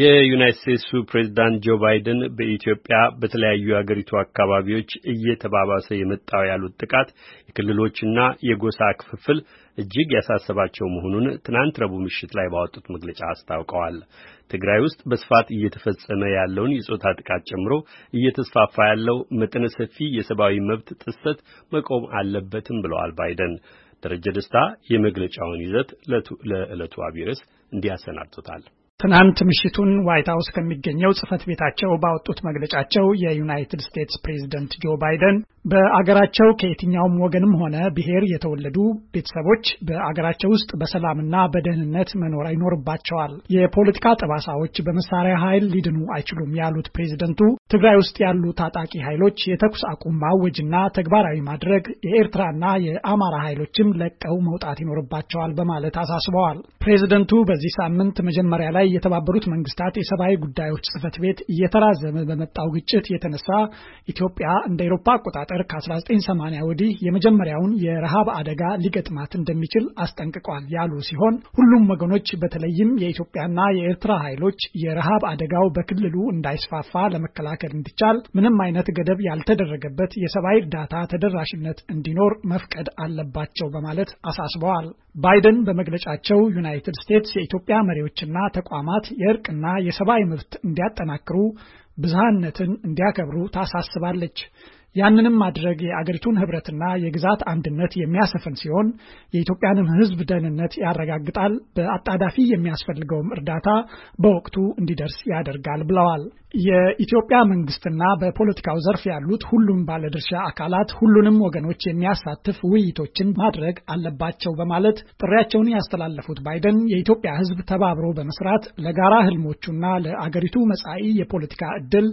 የዩናይት ስቴትሱ ፕሬዝዳንት ጆ ባይደን በኢትዮጵያ በተለያዩ የአገሪቱ አካባቢዎች እየተባባሰ የመጣው ያሉት ጥቃት የክልሎችና የጎሳ ክፍፍል እጅግ ያሳሰባቸው መሆኑን ትናንት ረቡዕ ምሽት ላይ ባወጡት መግለጫ አስታውቀዋል። ትግራይ ውስጥ በስፋት እየተፈጸመ ያለውን የጾታ ጥቃት ጨምሮ እየተስፋፋ ያለው መጠነ ሰፊ የሰብአዊ መብት ጥሰት መቆም አለበትም ብለዋል ባይደን። ደረጀ ደስታ የመግለጫውን ይዘት ለዕለቱ አቢርስ እንዲያሰናድቶታል። ትናንት ምሽቱን ዋይት ሀውስ ከሚገኘው ጽህፈት ቤታቸው ባወጡት መግለጫቸው የዩናይትድ ስቴትስ ፕሬዚደንት ጆ ባይደን በአገራቸው ከየትኛውም ወገንም ሆነ ብሔር የተወለዱ ቤተሰቦች በአገራቸው ውስጥ በሰላምና በደህንነት መኖር ይኖርባቸዋል። የፖለቲካ ጠባሳዎች በመሳሪያ ኃይል ሊድኑ አይችሉም ያሉት ፕሬዝደንቱ ትግራይ ውስጥ ያሉ ታጣቂ ኃይሎች የተኩስ አቁም ማወጅና ተግባራዊ ማድረግ፣ የኤርትራና የአማራ ኃይሎችም ለቀው መውጣት ይኖርባቸዋል በማለት አሳስበዋል። ፕሬዝደንቱ በዚህ ሳምንት መጀመሪያ ላይ የተባበሩት መንግስታት የሰብአዊ ጉዳዮች ጽህፈት ቤት እየተራዘመ በመጣው ግጭት የተነሳ ኢትዮጵያ እንደ ኤሮፓ አቆጣጠር አቆጣጠር ከ1980 ወዲህ የመጀመሪያውን የረሃብ አደጋ ሊገጥማት እንደሚችል አስጠንቅቋል ያሉ ሲሆን ሁሉም ወገኖች በተለይም የኢትዮጵያና የኤርትራ ኃይሎች የረሃብ አደጋው በክልሉ እንዳይስፋፋ ለመከላከል እንዲቻል ምንም አይነት ገደብ ያልተደረገበት የሰብአዊ እርዳታ ተደራሽነት እንዲኖር መፍቀድ አለባቸው በማለት አሳስበዋል። ባይደን በመግለጫቸው ዩናይትድ ስቴትስ የኢትዮጵያ መሪዎችና ተቋማት የእርቅና የሰብአዊ መብት እንዲያጠናክሩ ብዝሃነትን እንዲያከብሩ ታሳስባለች። ያንንም ማድረግ የአገሪቱን ህብረትና የግዛት አንድነት የሚያሰፍን ሲሆን የኢትዮጵያንም ህዝብ ደህንነት ያረጋግጣል፣ በአጣዳፊ የሚያስፈልገውም እርዳታ በወቅቱ እንዲደርስ ያደርጋል ብለዋል። የኢትዮጵያ መንግስትና በፖለቲካው ዘርፍ ያሉት ሁሉም ባለድርሻ አካላት ሁሉንም ወገኖች የሚያሳትፍ ውይይቶችን ማድረግ አለባቸው በማለት ጥሪያቸውን ያስተላለፉት ባይደን የኢትዮጵያ ህዝብ ተባብሮ በመስራት ለጋራ ህልሞቹና ለአገሪቱ መጻኢ የፖለቲካ እድል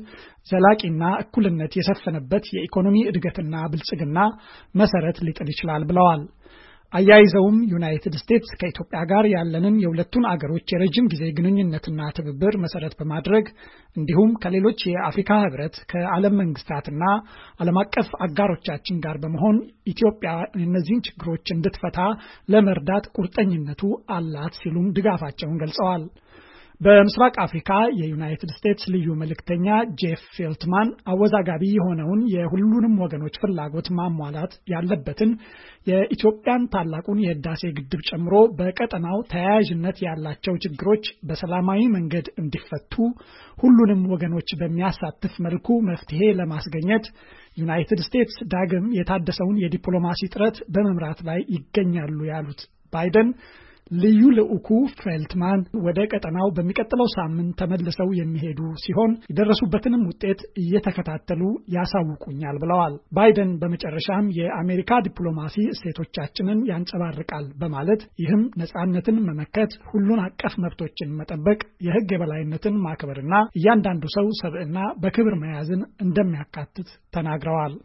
ዘላቂና እኩልነት የሰፈነበት የኢኮኖሚ እድገትና ብልጽግና መሰረት ሊጥል ይችላል ብለዋል። አያይዘውም ዩናይትድ ስቴትስ ከኢትዮጵያ ጋር ያለንን የሁለቱን አገሮች የረጅም ጊዜ ግንኙነትና ትብብር መሰረት በማድረግ እንዲሁም ከሌሎች የአፍሪካ ህብረት፣ ከዓለም መንግስታትና ዓለም አቀፍ አጋሮቻችን ጋር በመሆን ኢትዮጵያ እነዚህን ችግሮች እንድትፈታ ለመርዳት ቁርጠኝነቱ አላት ሲሉም ድጋፋቸውን ገልጸዋል። በምስራቅ አፍሪካ የዩናይትድ ስቴትስ ልዩ መልእክተኛ ጄፍ ፌልትማን አወዛጋቢ የሆነውን የሁሉንም ወገኖች ፍላጎት ማሟላት ያለበትን የኢትዮጵያን ታላቁን የህዳሴ ግድብ ጨምሮ በቀጠናው ተያያዥነት ያላቸው ችግሮች በሰላማዊ መንገድ እንዲፈቱ ሁሉንም ወገኖች በሚያሳትፍ መልኩ መፍትሄ ለማስገኘት ዩናይትድ ስቴትስ ዳግም የታደሰውን የዲፕሎማሲ ጥረት በመምራት ላይ ይገኛሉ ያሉት ባይደን ልዩ ልዑኩ ፌልትማን ወደ ቀጠናው በሚቀጥለው ሳምንት ተመልሰው የሚሄዱ ሲሆን የደረሱበትንም ውጤት እየተከታተሉ ያሳውቁኛል ብለዋል። ባይደን በመጨረሻም የአሜሪካ ዲፕሎማሲ እሴቶቻችንን ያንጸባርቃል በማለት ይህም ነጻነትን መመከት፣ ሁሉን አቀፍ መብቶችን መጠበቅ፣ የህግ የበላይነትን ማክበርና እያንዳንዱ ሰው ሰብዕና በክብር መያዝን እንደሚያካትት ተናግረዋል።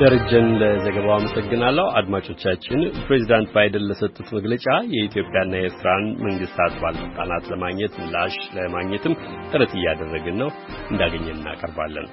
ደረጀን ለዘገባው አመሰግናለሁ። አድማጮቻችን፣ ፕሬዚዳንት ባይደን ለሰጡት መግለጫ የኢትዮጵያና የኤርትራን መንግስታት ባለስልጣናት ለማግኘት ምላሽ ለማግኘትም ጥረት እያደረግን ነው። እንዳገኘን እናቀርባለን።